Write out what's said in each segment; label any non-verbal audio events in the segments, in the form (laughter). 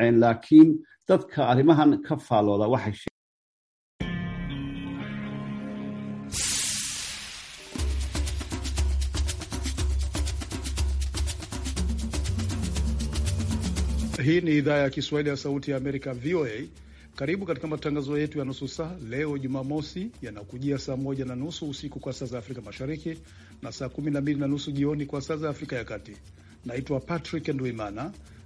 laakiin dadka arrimahan ka faallooda waxay Hii ni idhaa ya Kiswahili ya Sauti ya Amerika, VOA. Karibu katika matangazo yetu ya nusu saa leo Jumamosi, yanakujia saa moja na nusu usiku kwa saa za Afrika Mashariki na saa kumi na mbili na nusu jioni kwa saa za Afrika ya Kati. Naitwa Patrick Ndwimana.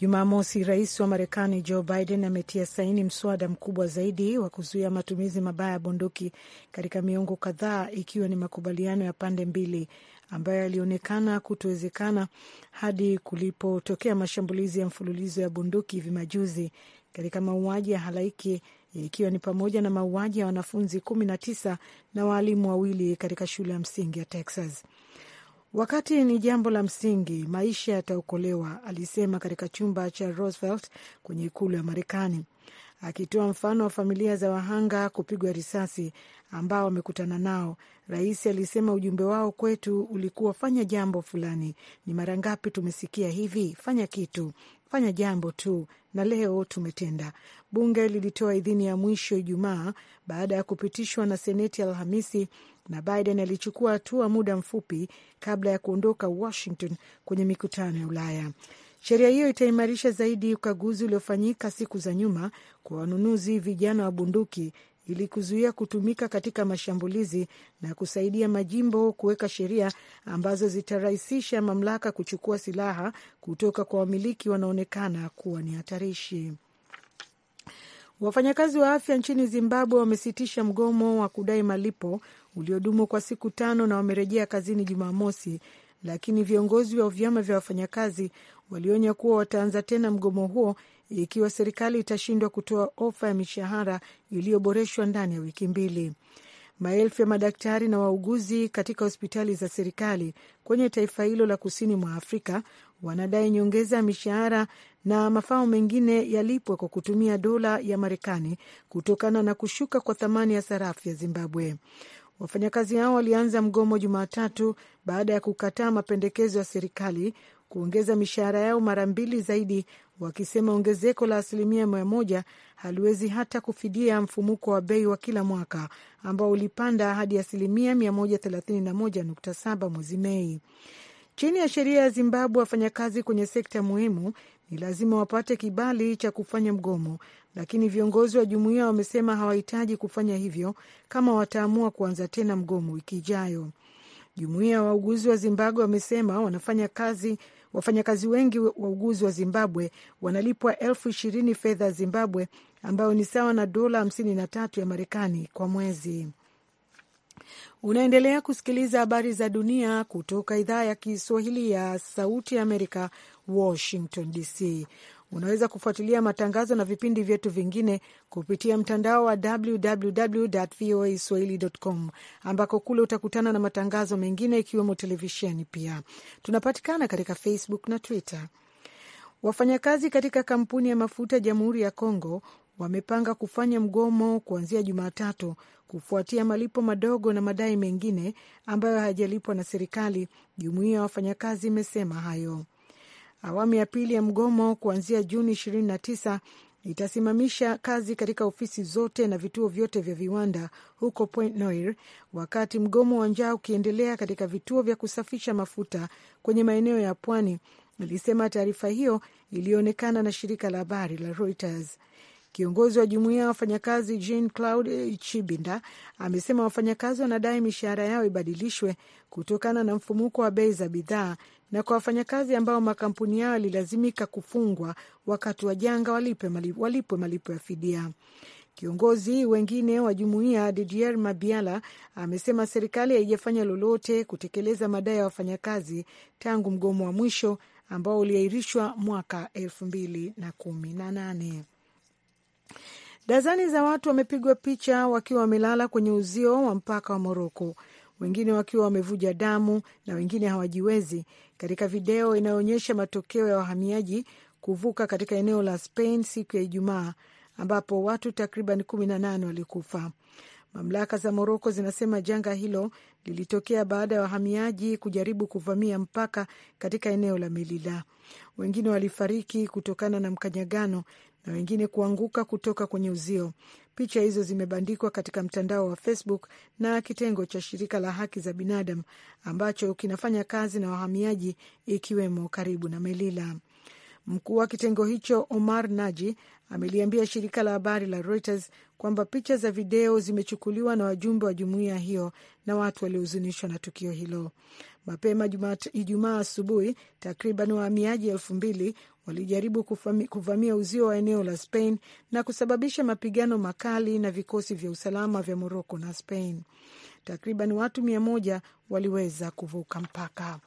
Jumamosi, rais wa Marekani Joe Biden ametia saini mswada mkubwa zaidi wa kuzuia matumizi mabaya ya bunduki katika miongo kadhaa, ikiwa ni makubaliano ya pande mbili ambayo yalionekana kutowezekana hadi kulipotokea mashambulizi ya mfululizo ya bunduki hivi majuzi katika mauaji ya halaiki ikiwa ni pamoja na mauaji ya wanafunzi kumi tisa na waalimu wawili katika shule ya msingi ya Texas. Wakati ni jambo la msingi, maisha yataokolewa, alisema katika chumba cha Roosevelt kwenye ikulu ya Marekani, akitoa mfano wa familia za wahanga kupigwa risasi ambao wamekutana nao. Rais alisema ujumbe wao kwetu ulikuwa fanya jambo fulani. Ni mara ngapi tumesikia hivi? Fanya kitu, fanya jambo tu, na leo tumetenda. Bunge lilitoa idhini ya mwisho Ijumaa baada ya kupitishwa na Seneti Alhamisi na Biden alichukua hatua muda mfupi kabla ya kuondoka Washington kwenye mikutano ya Ulaya. Sheria hiyo itaimarisha zaidi ukaguzi uliofanyika siku za nyuma kwa wanunuzi vijana wa bunduki ili kuzuia kutumika katika mashambulizi na kusaidia majimbo kuweka sheria ambazo zitarahisisha mamlaka kuchukua silaha kutoka kwa wamiliki wanaonekana kuwa ni hatarishi. Wafanyakazi wa afya nchini Zimbabwe wamesitisha mgomo wa kudai malipo uliodumu kwa siku tano na wamerejea kazini Jumamosi, lakini viongozi wa vyama vya wafanyakazi walionya kuwa wataanza tena mgomo huo ikiwa serikali itashindwa kutoa ofa ya mishahara iliyoboreshwa ndani ya wiki mbili. Maelfu ya madaktari na wauguzi katika hospitali za serikali kwenye taifa hilo la kusini mwa Afrika wanadai nyongeza ya mishahara na mafao mengine yalipwe kwa kutumia dola ya Marekani kutokana na kushuka kwa thamani ya sarafu ya Zimbabwe. Wafanyakazi hao walianza mgomo Jumatatu baada ya kukataa mapendekezo ya serikali kuongeza mishahara yao mara mbili zaidi, wakisema ongezeko la asilimia mia moja haliwezi hata kufidia mfumuko wa bei wa kila mwaka ambao ulipanda hadi asilimia 131.7 mwezi Mei. Chini ya sheria ya Zimbabwe, wafanyakazi kwenye sekta muhimu ni lazima wapate kibali cha kufanya mgomo lakini viongozi wa jumuiya wamesema hawahitaji kufanya hivyo kama wataamua kuanza tena mgomo wiki ijayo. Jumuiya ya wauguzi wa Zimbabwe wamesema wanafanya kazi wafanyakazi wengi wauguzi wa Zimbabwe wanalipwa elfu ishirini fedha ya Zimbabwe, ambayo ni sawa na dola hamsini na tatu ya Marekani kwa mwezi. Unaendelea kusikiliza habari za dunia kutoka idhaa ya Kiswahili ya Sauti ya Amerika, Washington DC. Unaweza kufuatilia matangazo na vipindi vyetu vingine kupitia mtandao wa www.voaswahili.com, ambako kule utakutana na matangazo mengine ikiwemo televisheni. Pia tunapatikana katika Facebook na Twitter. Wafanyakazi katika kampuni ya mafuta Jamhuri ya congo wamepanga kufanya mgomo kuanzia Jumatatu kufuatia malipo madogo na madai mengine ambayo hayajalipwa na serikali. Jumuiya ya wafanyakazi imesema hayo. Awamu ya pili ya mgomo kuanzia Juni 29 itasimamisha kazi katika ofisi zote na vituo vyote vya viwanda huko Point Noir, wakati mgomo wa njaa ukiendelea katika vituo vya kusafisha mafuta kwenye maeneo ya pwani, ilisema taarifa hiyo iliyoonekana na shirika la habari la Reuters. Kiongozi wa jumuiya ya wafanyakazi Jean Claude Chibinda amesema wafanyakazi wanadai mishahara yao ibadilishwe kutokana na mfumuko wa bei za bidhaa, na kwa wafanyakazi ambao makampuni yao yalilazimika kufungwa wakati wa janga walipwe malipo ya fidia. Kiongozi wengine wa jumuiya Didier Mabiala amesema serikali haijafanya lolote kutekeleza madai ya wafanyakazi tangu mgomo wa mwisho ambao uliahirishwa mwaka elfu mbili na kumi na nane. Dazani za watu wamepigwa picha wakiwa wamelala kwenye uzio wa mpaka wa Moroko, wengine wakiwa wamevuja damu na wengine hawajiwezi, katika video inayoonyesha matokeo ya wahamiaji kuvuka katika eneo la Spain siku ya Ijumaa, ambapo watu takriban kumi na nane walikufa. Mamlaka za Moroko zinasema janga hilo lilitokea baada ya wahamiaji kujaribu kuvamia mpaka katika eneo la Melila. Wengine walifariki kutokana na mkanyagano na wengine kuanguka kutoka kwenye uzio. Picha hizo zimebandikwa katika mtandao wa Facebook na kitengo cha shirika la haki za binadamu ambacho kinafanya kazi na wahamiaji, ikiwemo karibu na Melila. Mkuu wa kitengo hicho Omar Naji ameliambia shirika la habari la Reuters kwamba picha za video zimechukuliwa na wajumbe wa jumuiya hiyo na watu waliohuzunishwa na tukio hilo. Mapema Ijumaa asubuhi, takriban wahamiaji elfu mbili walijaribu kuvamia uzio wa eneo la Spain na kusababisha mapigano makali na vikosi vya usalama vya Moroko na Spain. Takriban watu mia moja waliweza kuvuka mpaka.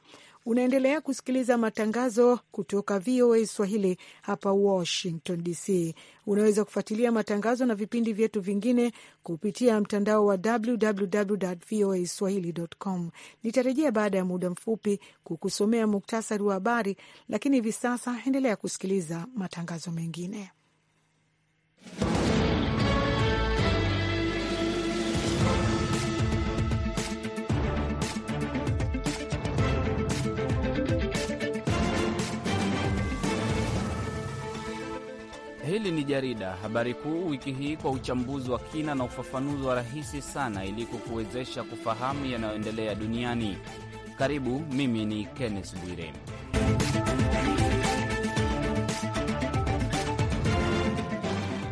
Unaendelea kusikiliza matangazo kutoka VOA Swahili hapa Washington DC. Unaweza kufuatilia matangazo na vipindi vyetu vingine kupitia mtandao wa www voa swahili.com. Nitarejea baada ya muda mfupi kukusomea muktasari wa habari, lakini hivi sasa endelea kusikiliza matangazo mengine. Jarida, habari kuu wiki hii kwa uchambuzi wa kina na ufafanuzi wa rahisi sana ili kukuwezesha kufahamu yanayoendelea duniani. Karibu, mimi ni Kenneth Bwire.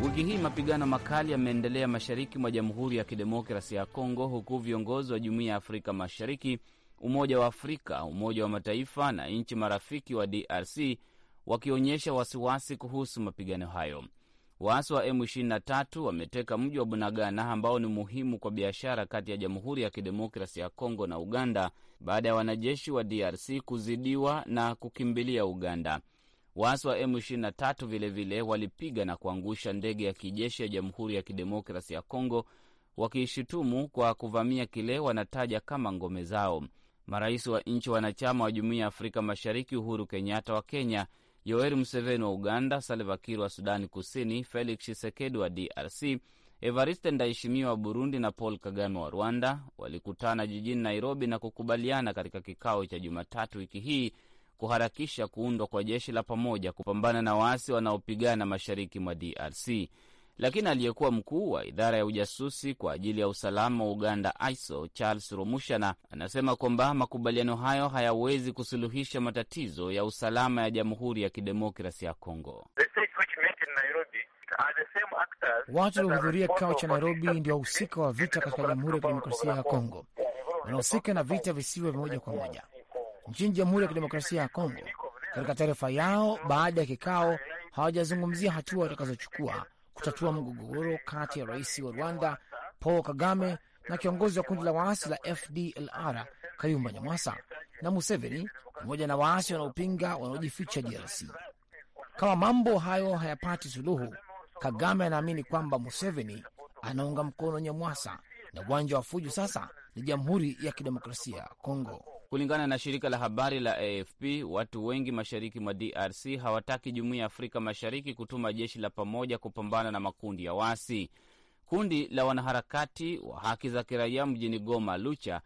Wiki hii mapigano makali yameendelea mashariki mwa Jamhuri ya Kidemokrasia ya Kongo, huku viongozi wa Jumuiya ya Afrika Mashariki, Umoja wa Afrika, Umoja wa Mataifa na nchi marafiki wa DRC wakionyesha wasiwasi kuhusu mapigano hayo. Waasi wa M23 wameteka mji wa Bunagana ambao ni muhimu kwa biashara kati ya Jamhuri ya kidemokrasi ya Kongo na Uganda baada ya wanajeshi wa DRC kuzidiwa na kukimbilia Uganda. Waasi wa M23 vilevile walipiga na kuangusha ndege ya kijeshi ya Jamhuri ya kidemokrasi ya Kongo wakiishutumu kwa kuvamia kile wanataja kama ngome zao. Marais wa nchi wanachama wa Jumuiya ya Afrika Mashariki Uhuru Kenyatta wa Kenya Yoweri Museveni wa Uganda, Salva Kiir wa Sudani Kusini, Felix Tshisekedi wa DRC, Evariste Ndayishimiye wa Burundi na Paul Kagame wa Rwanda walikutana jijini Nairobi na kukubaliana katika kikao cha Jumatatu wiki hii kuharakisha kuundwa kwa jeshi la pamoja kupambana na waasi wanaopigana mashariki mwa DRC. Lakini aliyekuwa mkuu wa idara ya ujasusi kwa ajili ya usalama wa Uganda, ISO, Charles Rumushana, anasema kwamba makubaliano hayo hayawezi kusuluhisha matatizo ya usalama ya Jamhuri ya Kidemokrasi ya Congo. Watu waliohudhuria kikao cha Nairobi ndio wahusika wa vita katika Jamhuri ya Kidemokrasia ya Kongo, wanahusika na vita vya moja kwa moja nchini Jamhuri ya Kidemokrasia ya Kongo. Katika taarifa yao baada ya kikao, hawajazungumzia hatua watakazochukua kutatua mgogoro kati ya rais wa Rwanda Paul Kagame na kiongozi wa kundi la waasi la FDLR Kayumba Nyamwasa na Museveni pamoja na waasi wanaopinga wanaojificha DRC. Kama mambo hayo hayapati suluhu, Kagame anaamini kwamba Museveni anaunga mkono Nyamwasa na uwanja wa fujo sasa ni Jamhuri ya Kidemokrasia ya Kongo. Kulingana na shirika la habari la AFP, watu wengi mashariki mwa DRC hawataki jumuiya ya Afrika Mashariki kutuma jeshi la pamoja kupambana na makundi ya wasi. Kundi la wanaharakati wa haki za kiraia mjini Goma, Lucha,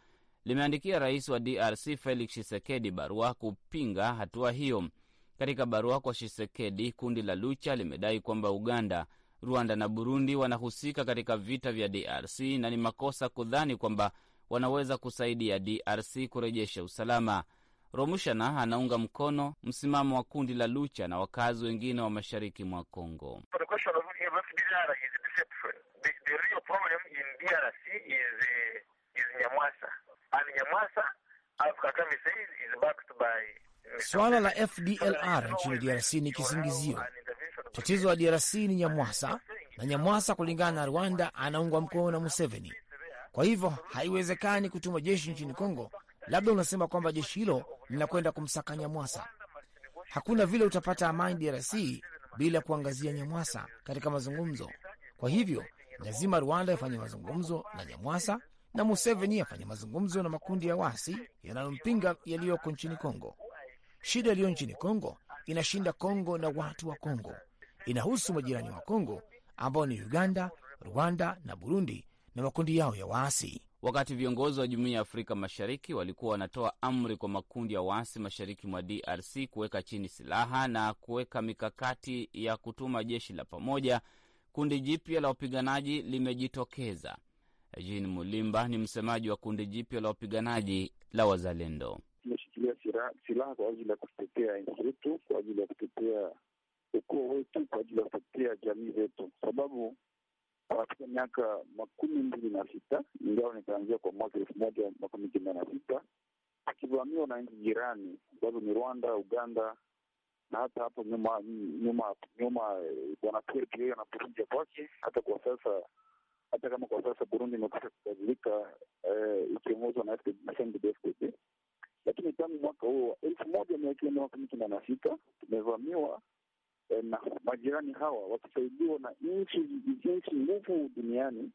limeandikia rais wa DRC Felix Tshisekedi barua kupinga hatua hiyo. Katika barua kwa Tshisekedi, kundi la Lucha limedai kwamba Uganda, Rwanda na Burundi wanahusika katika vita vya DRC na ni makosa kudhani kwamba wanaweza kusaidia DRC kurejesha usalama. Romushana anaunga mkono msimamo wa kundi la Lucha na wakazi wengine wa mashariki mwa congo uh, Swala la FDLR nchini uh, DRC ni kisingizio. Tatizo la DRC ni Nyamwasa, na Nyamwasa kulingana na Rwanda anaungwa mkono na Museveni. Kwa hivyo haiwezekani kutuma jeshi nchini Kongo. Labda unasema kwamba jeshi hilo linakwenda kumsaka Nyamwasa. Hakuna vile utapata amani DRC bila kuangazia Nyamwasa katika mazungumzo. Kwa hivyo lazima Rwanda ifanye mazungumzo na Nyamwasa na Museveni afanye mazungumzo na makundi ya wasi yanayompinga yaliyoko nchini Kongo. Shida iliyo nchini Kongo inashinda Kongo na watu wa Kongo, inahusu majirani wa Kongo ambao ni Uganda, Rwanda na Burundi na makundi yao ya waasi. Wakati viongozi wa Jumuiya ya Afrika Mashariki walikuwa wanatoa amri kwa makundi ya waasi mashariki mwa DRC kuweka chini silaha na kuweka mikakati ya kutuma jeshi la pamoja, kundi jipya la wapiganaji limejitokeza. Jean Mulimba ni msemaji wa kundi jipya la wapiganaji la Wazalendo. Tumeshikilia silaha kwa ajili ya kutetea nchi yetu, kwa ajili ya kutetea ukoo wetu, kwa ajili ya kutetea jamii zetu, sababu katika miaka makumi mbili na sita ingawa nikaanzia kwa mwaka elfu moja makumi kenda na sita akivamiwa na nchi jirani ambazo ni Rwanda, Uganda na hata hapo nyuma nyuma nyuma eh, bwana Pierre Buyoya kwake, hata kwa sasa, hata kama kwa sasa Burundi imekusha kubadilika eh, ikiongozwa na lakini tangu mwaka huo elfu moja mia kenda makumi kenda na sita tumevamiwa Eh, na majirani hawa wakisaidiwa na nchi nchi nguvu duniani,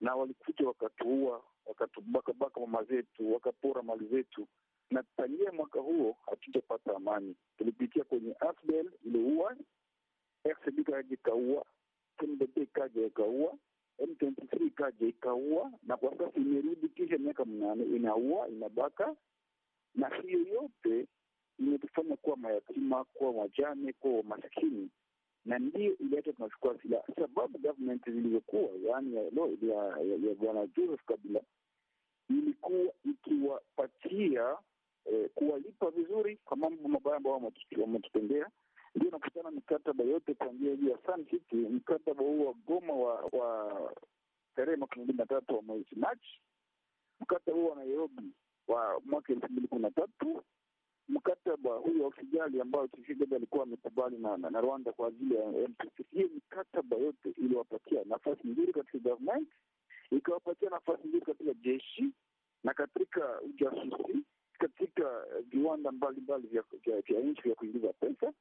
na walikuja wakatuua, wakatubakabaka mama zetu, wakapora mali zetu, na tangia mwaka huo hatujapata amani. Tulipitia kwenye AFDL iliua, FCD kaja ikaua, MDP ikaja ikaua, M23 ikaja ikaua, na kwa sasa imerudi kisha miaka mnane inaua inabaka, na hiyo yote imetufanya kuwa mayatima, kuwa wajane, kuwa maskini, na ndiyo iliacha tunachukua silaha, sababu government zilizokuwa yaani ya bwana Joseph Kabila ilikuwa ikiwapatia eh, kuwalipa vizuri kwa mambo mabaya ambayo wametutendea. Ndio nakutana mikataba yote kuanzia juu ya Sun City, mkataba huu wa Goma wa tarehe makumi mbili na tatu wa mwezi Machi, mkataba huu wa Nairobi wa mwaka elfu mbili kumi na tatu mkataba huyo wa Kigali ambao Tshisekedi alikuwa amekubali na, na Rwanda kwa ajili ya Hiyo mikataba yote iliwapatia nafasi nzuri katika government, ikawapatia nafasi nzuri katika jeshi na katika ujasusi, katika eh, viwanda mbalimbali vya nchi vya kuingiza pesa,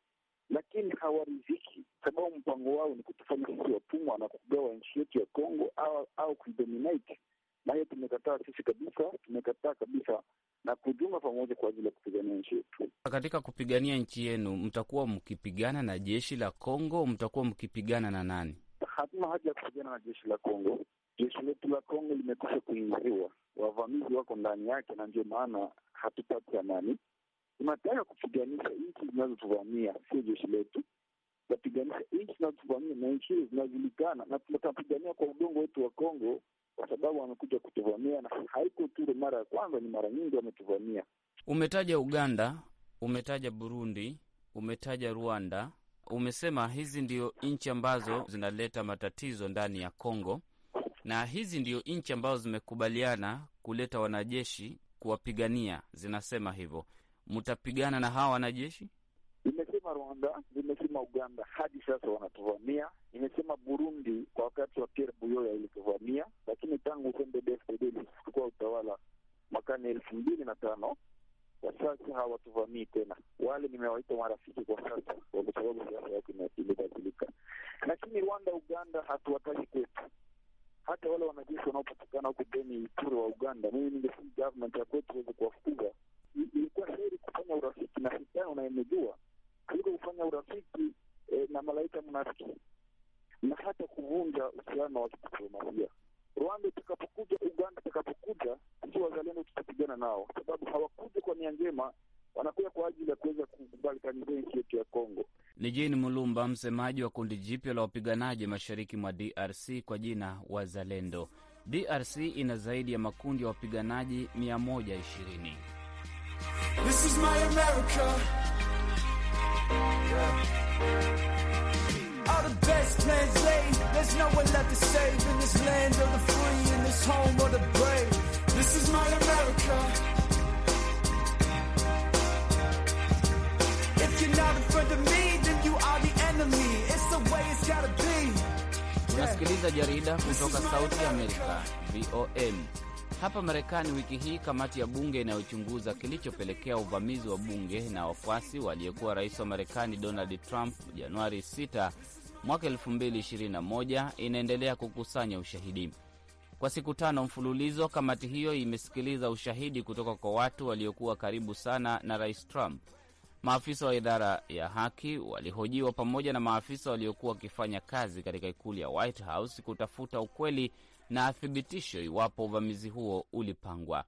lakini hawaridhiki, sababu mpango wao ni kutufanya sisi watumwa na kugawa nchi yetu ya Kongo au, au kuidominate. Na hiyo tumekataa sisi kabisa, tumekataa kabisa na kujuma pamoja kwa ajili ya kupigania nchi yetu. Katika kupigania nchi yenu, mtakuwa mkipigana na jeshi la Kongo? Mtakuwa mkipigana na nani? Hatuna haja ya kupigana na jeshi la Kongo. Jeshi letu la Kongo limekwisha kuingiriwa, wavamizi wako ndani yake, na ndio maana hatupati amani. Tunataka kupiganisha nchi zinazotuvamia, sio jeshi letu. Tunapiganisha nchi zinazotuvamia na nchi zinajulikana na tunapigania kwa udongo wetu wa Kongo kwa sababu wamekuja kutuvamia, na haiko tu mara ya kwanza, ni mara nyingi wametuvamia. Umetaja Uganda, umetaja Burundi, umetaja Rwanda, umesema hizi ndio nchi ambazo zinaleta matatizo ndani ya Kongo, na hizi ndio nchi ambazo zimekubaliana kuleta wanajeshi kuwapigania, zinasema hivyo. Mtapigana na hawa wanajeshi? Rwanda, zimesema Uganda, hadi sasa wanatuvamia. Imesema Burundi kwa wakati wa Pierre Buyoya ilituvamia, lakini tangu CNDD-FDD ilichukua utawala mwakani elfu mbili na tano kwa sasa hawatuvamii tena. Wale nimewaita marafiki kwa sasa, kwa sababu siasa yake imebadilika. Lakini Rwanda, Uganda hatuwataki kwetu hata wale wanajeshi wanaopatikana huku Beni, Ituri wa Uganda, mimi ningesii government ya kwetu weze kuwafukuza. Ilikuwa heri kufanya urafiki na sitani unayemejua kuliko kufanya urafiki e, na malaika mnafiki na hata kuvunja uhusiano wa kidiplomasia. Rwanda itakapokuja, Uganda itakapokuja, sisi wazalendo tutapigana nao, sababu hawakuja kwa nia njema, wanakuja kwa ajili ya kuweza kubarikanizia nchi yetu ya Kongo. Ni Jean Mulumba, msemaji wa kundi jipya la wapiganaji mashariki mwa DRC kwa jina Wazalendo. DRC ina zaidi ya makundi ya wapiganaji 120. This is my America. All the best laid. There's no one left to save in this land of the free, in this home of the brave. This is my America. If you're not in front of me, then you are the enemy. It's the way it's gotta be. Unasikiliza jarida kutoka Sauti Amerika, VOA. Hapa Marekani wiki hii, kamati ya bunge inayochunguza kilichopelekea uvamizi wa bunge na wafuasi waliyekuwa rais wa Marekani Donald Trump Januari 6 mwaka 2021 inaendelea kukusanya ushahidi. Kwa siku tano mfululizo, kamati hiyo imesikiliza ushahidi kutoka kwa watu waliokuwa karibu sana na rais Trump. Maafisa wa idara ya haki walihojiwa pamoja na maafisa waliokuwa wakifanya kazi katika ikulu ya White House kutafuta ukweli na athibitisho iwapo uvamizi huo ulipangwa.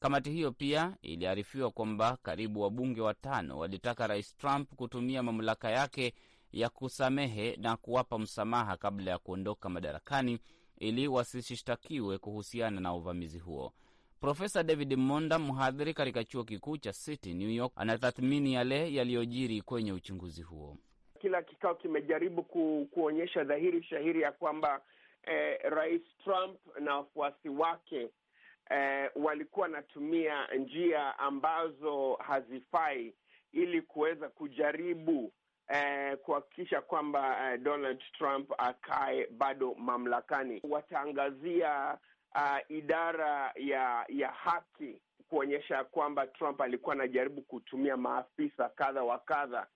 Kamati hiyo pia iliarifiwa kwamba karibu wabunge watano walitaka Rais Trump kutumia mamlaka yake ya kusamehe na kuwapa msamaha kabla ya kuondoka madarakani ili wasishtakiwe kuhusiana na uvamizi huo. Profesa David Monda, mhadhiri katika chuo kikuu cha City New York, anatathmini yale yaliyojiri kwenye uchunguzi huo. Kila kikao kimejaribu ku, kuonyesha dhahiri shahiri ya kwamba eh, Rais Trump na wafuasi wake eh, walikuwa wanatumia njia ambazo hazifai ili kuweza kujaribu eh, kuhakikisha kwamba eh, Donald Trump akae bado mamlakani. Wataangazia uh, eh, idara ya ya haki kuonyesha kwamba Trump alikuwa anajaribu kutumia maafisa kadha wa kadha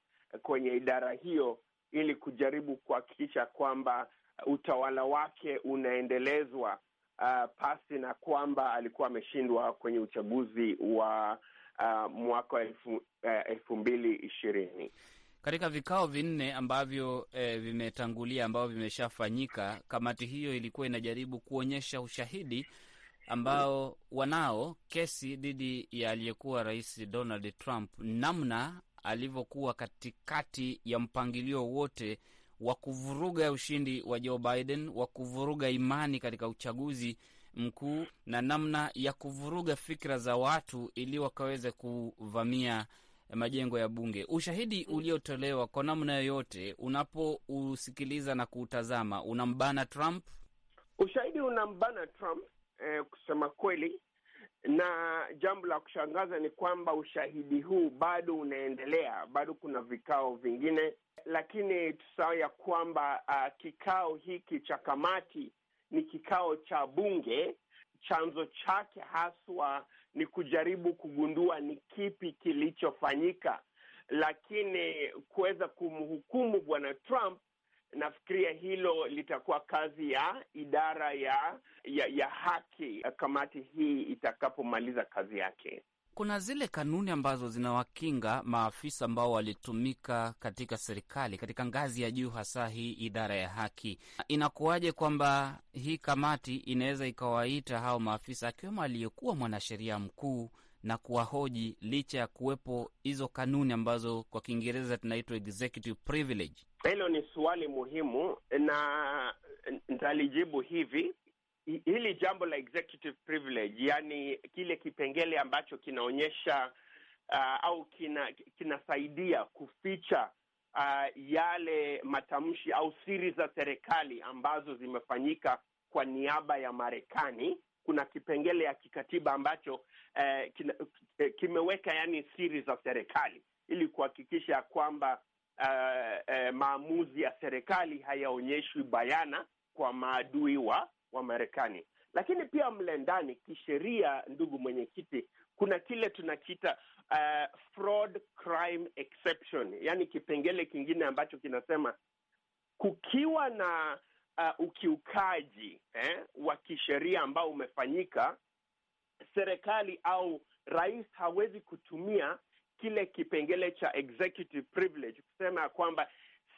kwenye idara hiyo ili kujaribu kuhakikisha kwamba utawala wake unaendelezwa uh, pasi na kwamba alikuwa ameshindwa kwenye uchaguzi wa uh, mwaka wa elfu, uh, elfu mbili ishirini. Katika vikao vinne ambavyo eh, vimetangulia ambavyo vimeshafanyika, kamati hiyo ilikuwa inajaribu kuonyesha ushahidi ambao wanao kesi dhidi ya aliyekuwa rais Donald Trump, namna alivyokuwa katikati ya mpangilio wote wa kuvuruga ushindi wa Joe Biden, wa kuvuruga imani katika uchaguzi mkuu na namna ya kuvuruga fikra za watu ili wakaweze kuvamia majengo ya bunge. Ushahidi uliotolewa kwa namna yoyote, unapousikiliza na kuutazama, unambana Trump. Ushahidi unambana Trump eh, kusema kweli, na jambo la kushangaza ni kwamba ushahidi huu bado unaendelea, bado kuna vikao vingine lakini tusahau ya kwamba uh, kikao hiki cha kamati ni kikao cha bunge. Chanzo chake haswa ni kujaribu kugundua ni kipi kilichofanyika, lakini kuweza kumhukumu bwana Trump, nafikiria hilo litakuwa kazi ya idara ya, ya, ya haki kamati hii itakapomaliza kazi yake kuna zile kanuni ambazo zinawakinga maafisa ambao walitumika katika serikali katika ngazi ya juu, hasa hii idara ya haki. Inakuwaje kwamba hii kamati inaweza ikawaita hao maafisa akiwemo aliyekuwa mwanasheria mkuu na kuwahoji licha ya kuwepo hizo kanuni ambazo kwa Kiingereza tunaitwa executive privilege? Hilo ni swali muhimu na nitalijibu hivi hili jambo la executive privilege, yani kile kipengele ambacho kinaonyesha uh, au kina, kinasaidia kuficha uh, yale matamshi au siri za serikali ambazo zimefanyika kwa niaba ya Marekani. Kuna kipengele ya kikatiba ambacho uh, kina, eh, kimeweka yani siri za serikali ili kuhakikisha kwamba uh, uh, maamuzi ya serikali hayaonyeshwi bayana kwa maadui wa wa Marekani. Lakini pia mle ndani kisheria, ndugu mwenyekiti, kuna kile tunakiita uh, fraud crime exception, yaani kipengele kingine ambacho kinasema kukiwa na uh, ukiukaji eh, wa kisheria ambao umefanyika, serikali au rais hawezi kutumia kile kipengele cha executive privilege kusema ya kwamba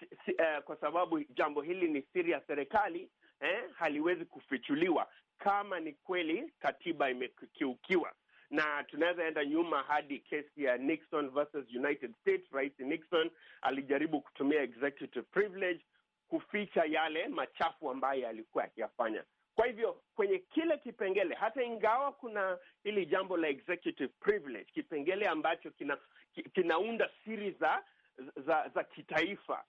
si, si, uh, kwa sababu jambo hili ni siri ya serikali eh, haliwezi kufichuliwa kama ni kweli katiba imekiukiwa, na tunaweza enda nyuma hadi kesi ya Nixon versus United States. Rais Nixon alijaribu kutumia executive privilege kuficha yale machafu ambayo yalikuwa akiyafanya. Kwa hivyo kwenye kile kipengele, hata ingawa kuna hili jambo la executive privilege, kipengele ambacho kina, kinaunda siri za za, za kitaifa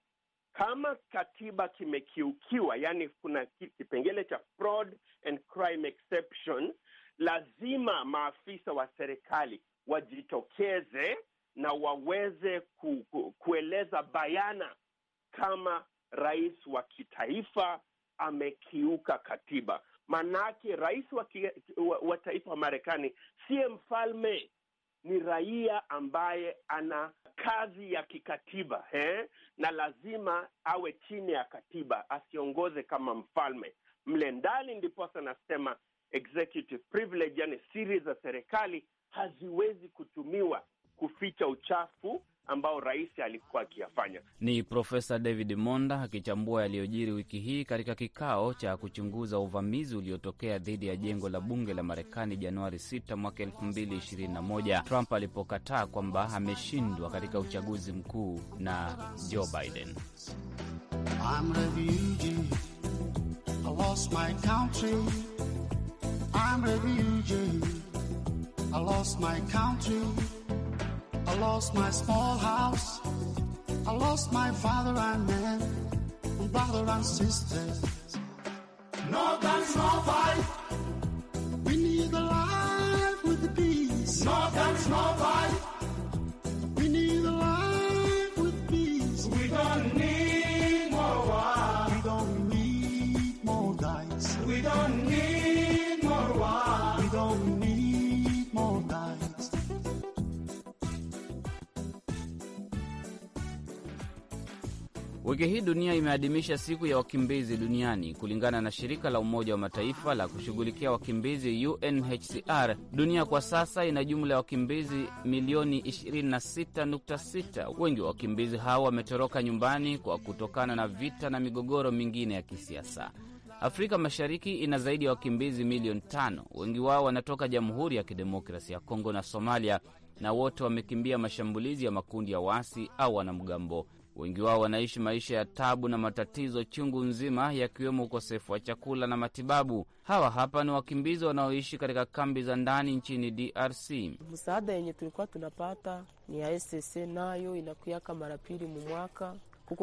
kama katiba kimekiukiwa, yani kuna kipengele cha fraud and crime exception, lazima maafisa wa serikali wajitokeze na waweze ku, ku, kueleza bayana kama rais wa kitaifa amekiuka katiba. Maanake rais wa, ki, wa, wa taifa wa Marekani siye mfalme, ni raia ambaye ana kazi ya kikatiba eh, na lazima awe chini ya katiba, asiongoze kama mfalme. Mle ndani ndiposa nasema executive privilege, yani siri za serikali haziwezi kutumiwa kuficha uchafu ambao rais alikuwa akiyafanya. Ni Profesa David Monda akichambua yaliyojiri wiki hii katika kikao cha kuchunguza uvamizi uliotokea dhidi ya jengo la bunge la Marekani Januari 6 mwaka 2021 Trump alipokataa kwamba ameshindwa katika uchaguzi mkuu na Joe Biden. I'm refugee. I lost my country. I'm refugee. I lost my country. I lost my small house. I lost my father and man, brother and sisters. No guns, no fight. Wiki hii dunia imeadhimisha siku ya wakimbizi duniani. Kulingana na shirika la Umoja wa Mataifa la kushughulikia wakimbizi UNHCR, dunia kwa sasa ina jumla ya wakimbizi milioni 26.6. Wengi wa wakimbizi hao wametoroka nyumbani kwa kutokana na vita na migogoro mingine ya kisiasa. Afrika Mashariki ina zaidi ya wakimbizi milioni tano. Wengi wao wanatoka Jamhuri ya Kidemokrasi ya Kongo na Somalia, na wote wamekimbia mashambulizi ya makundi ya waasi au wanamgambo. Wengi wao wanaishi maisha ya tabu na matatizo chungu nzima, yakiwemo ukosefu wa chakula na matibabu. Hawa hapa ni wakimbizi wanaoishi katika kambi za ndani nchini DRC. Msaada yenye tulikuwa tunapata ni ya SS, nayo inakuyaka mara pili mu mwaka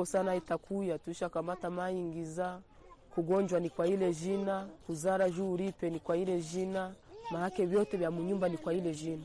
sana itakuya tuisha kamata maingiza kugonjwa ni kwa ile jina, kuzara juu uripe ni kwa ile jina maanake vyote vya mnyumba ni kwa ile jina.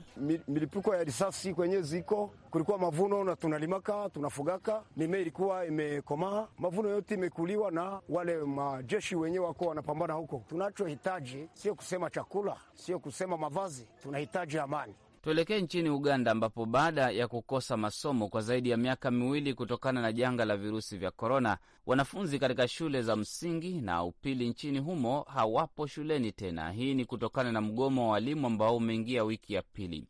Milipuko ya risasi kwenye ziko kulikuwa mavuno na tunalimaka tunafugaka, mimea ilikuwa imekomaa, mavuno yote imekuliwa na wale majeshi wenyewe wako wanapambana huko. Tunachohitaji sio kusema chakula, sio kusema mavazi, tunahitaji amani. Tuelekee nchini Uganda ambapo baada ya kukosa masomo kwa zaidi ya miaka miwili kutokana na janga la virusi vya korona, wanafunzi katika shule za msingi na upili nchini humo hawapo shuleni tena. Hii ni kutokana na mgomo wa walimu ambao umeingia wiki ya pili.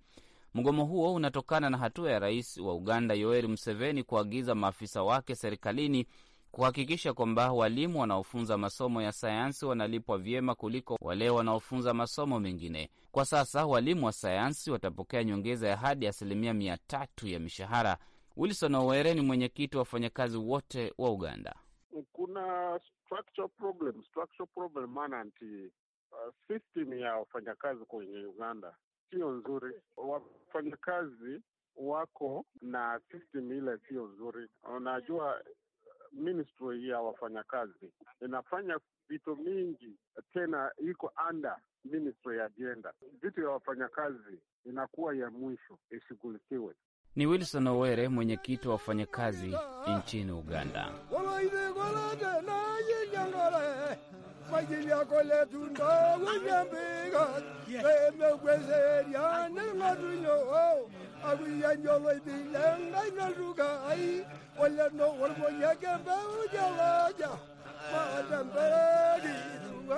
Mgomo huo unatokana na hatua ya rais wa Uganda Yoweri Museveni kuagiza maafisa wake serikalini kuhakikisha kwamba walimu wanaofunza masomo ya sayansi wanalipwa vyema kuliko wale wanaofunza masomo mengine. Kwa sasa walimu wa sayansi watapokea nyongeza ya hadi asilimia mia tatu ya mishahara. Wilson Owere ni mwenyekiti wa wafanyakazi wote wa Uganda. Kuna problem, problem maana nti uh, system ya wafanyakazi kwenye Uganda sio nzuri. Wafanyakazi wako na system ile sio nzuri. Unajua ministry ya wafanyakazi inafanya vitu mingi, tena iko under ministry ya jenda. Vitu ya wafanyakazi inakuwa ya mwisho ishughulikiwe. Ni Wilson Owere, mwenyekiti wa wafanyakazi nchini Uganda.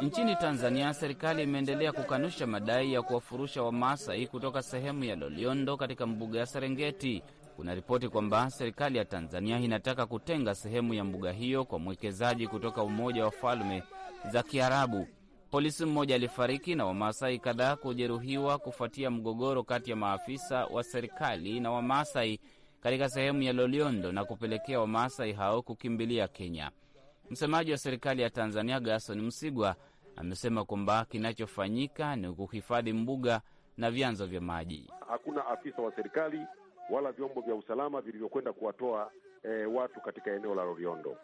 Nchini Tanzania, serikali imeendelea kukanusha madai ya kuwafurusha Wamasai kutoka sehemu ya Loliondo katika mbuga ya Serengeti. Kuna ripoti kwamba serikali ya Tanzania inataka kutenga sehemu ya mbuga hiyo kwa mwekezaji kutoka Umoja wa Falme za Kiarabu. Polisi mmoja alifariki na Wamaasai kadhaa kujeruhiwa kufuatia mgogoro kati ya maafisa wa serikali na Wamaasai katika sehemu ya Loliondo na kupelekea Wamaasai hao kukimbilia Kenya. Msemaji wa serikali ya Tanzania Gason Msigwa amesema kwamba kinachofanyika ni kuhifadhi mbuga na vyanzo vya maji. Hakuna afisa wa serikali wala vyombo vya usalama vilivyokwenda kuwatoa eh, watu katika eneo la Loliondo.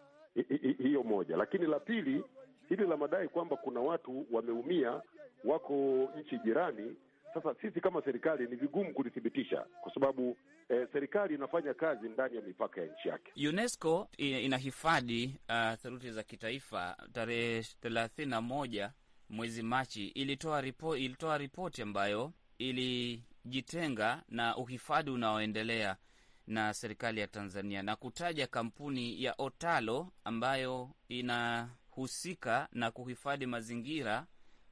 Hiyo moja, lakini la pili hili la madai kwamba kuna watu wameumia wako nchi jirani. Sasa sisi kama serikali ni vigumu kulithibitisha kwa sababu eh, serikali inafanya kazi ndani ya mipaka ya nchi yake. UNESCO inahifadhi uh, theluthi za kitaifa. Tarehe thelathini na moja mwezi Machi ilitoa ripo, ilitoa ripoti ambayo ilijitenga na uhifadhi unaoendelea na serikali ya Tanzania na kutaja kampuni ya Otalo ambayo ina husika na kuhifadhi mazingira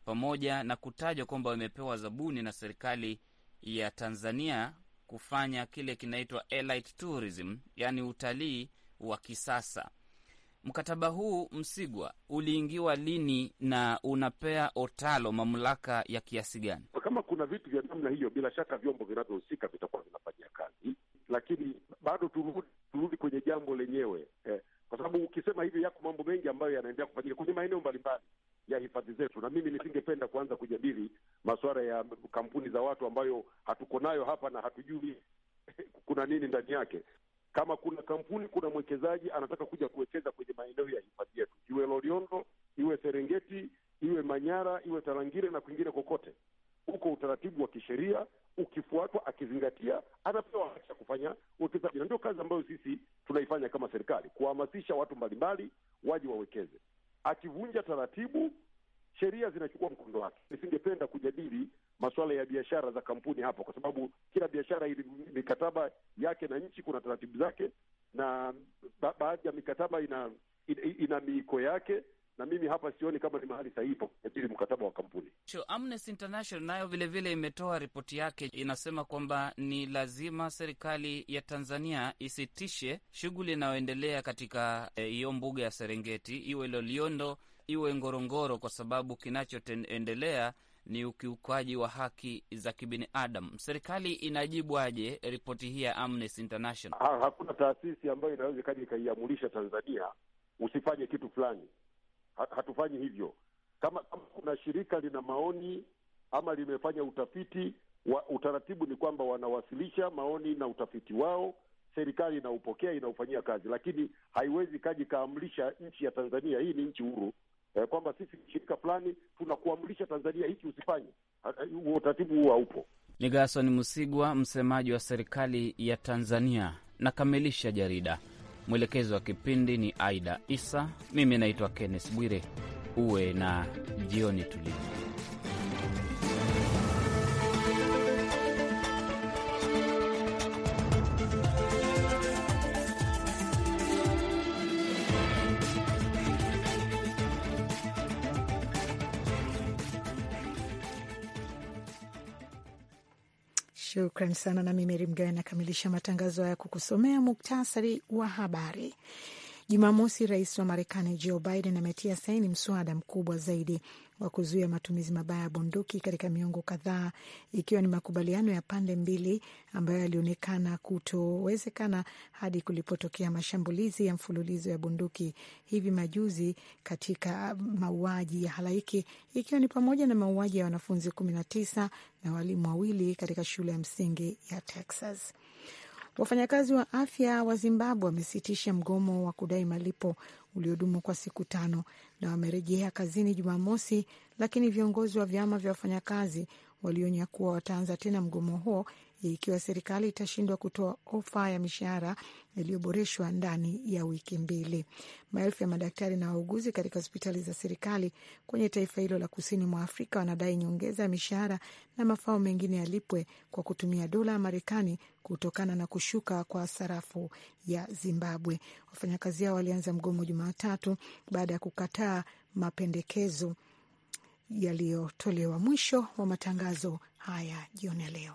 pamoja na kutajwa kwamba wamepewa zabuni na serikali ya Tanzania kufanya kile kinaitwa elite tourism, yaani utalii wa kisasa. Mkataba huu Msigwa, uliingiwa lini na unapea Otalo mamlaka ya kiasi gani? Kama kuna vitu vya namna hiyo, bila shaka vyombo vinavyohusika vitakuwa vinafanyia kazi, lakini bado turudi, turudi kwenye jambo lenyewe sababu ukisema hivyo, yako mambo mengi ambayo yanaendelea kufanyika kwenye maeneo mbalimbali ya hifadhi zetu, na mimi nisingependa kuanza kujadili masuala ya kampuni za watu ambayo hatuko nayo hapa na hatujui (laughs) kuna nini ndani yake. Kama kuna kampuni, kuna mwekezaji anataka kuja kuwekeza kwenye maeneo ya hifadhi yetu, iwe Loliondo, iwe Serengeti, iwe Manyara, iwe Tarangire na kwingine kokote, huko utaratibu wa kisheria ukifuatwa, akizingatia, ana kuhamasisha watu mbalimbali waje wawekeze. Akivunja taratibu, sheria zinachukua mkondo wake. Nisingependa kujadili masuala ya biashara za kampuni hapa, kwa sababu kila biashara ili mikataba yake na nchi, kuna taratibu zake, na ba baadhi ya mikataba ina ina, ina miiko yake na mimi hapa sioni kama ni mahali sahihi pa kujadili mkataba wa kampuni. Amnesty International nayo vilevile imetoa ripoti yake, inasema kwamba ni lazima serikali ya Tanzania isitishe shughuli inayoendelea katika eh, hiyo e, mbuga ya Serengeti, iwe Loliondo iwe Ngorongoro, kwa sababu kinachoendelea ni ukiukaji wa haki za kibinadamu. Serikali inajibwaje ripoti hii ya Amnesty International? Ha, hakuna taasisi ambayo inaweza ikaja ikaiamulisha Tanzania usifanye kitu fulani hatufanyi hivyo. Kama, kuna shirika lina maoni ama limefanya utafiti wa, utaratibu ni kwamba wanawasilisha maoni na utafiti wao, serikali inaupokea inaufanyia kazi, lakini haiwezi kaji kaamrisha nchi ya Tanzania, hii ni nchi huru eh, kwamba sisi shirika fulani tunakuamrisha Tanzania hichi usifanye. Utaratibu huo haupo. Ni Gason Msigwa, msemaji wa serikali ya Tanzania, nakamilisha jarida Mwelekezi wa kipindi ni Aida Isa. Mimi naitwa Kenneth Bwire. Uwe na jioni tulivu. Shukrani sana. Nami Meri Mgawe nakamilisha matangazo haya kukusomea muktasari wa habari. Jumamosi, rais wa Marekani Joe Biden ametia saini mswada mkubwa zaidi wa kuzuia matumizi mabaya ya bunduki katika miongo kadhaa, ikiwa ni makubaliano ya pande mbili ambayo yalionekana kutowezekana hadi kulipotokea mashambulizi ya mfululizo ya bunduki hivi majuzi katika mauaji ya halaiki, ikiwa ni pamoja na mauaji ya wanafunzi tisa na walimu wawili katika shule ya msingi ya Texas. Wafanyakazi wa afya wa Zimbabwe wamesitisha mgomo wa kudai malipo uliodumu kwa siku tano na wamerejea kazini Jumamosi, lakini viongozi wa vyama vya wafanyakazi walionya kuwa wataanza tena mgomo huo ikiwa serikali itashindwa kutoa ofa ya mishahara iliyoboreshwa ndani ya wiki mbili. Maelfu ya madaktari na wauguzi katika hospitali za serikali kwenye taifa hilo la kusini mwa Afrika wanadai nyongeza ya mishahara na mafao mengine yalipwe kwa kutumia dola ya Marekani kutokana na kushuka kwa sarafu ya Zimbabwe. Wafanyakazi hao walianza mgomo Jumatatu baada ya kukataa mapendekezo yaliyotolewa. Mwisho wa matangazo haya jioni leo.